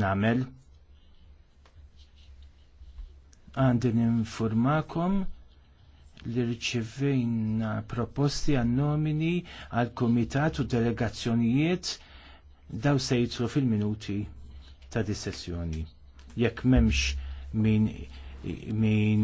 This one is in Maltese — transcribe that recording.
namel għandin informakom li rċivejna proposti għal nomini għal komitat u delegazzjonijiet daw se jitlu fil-minuti ta' dis-sessjoni. Jekk memx min, min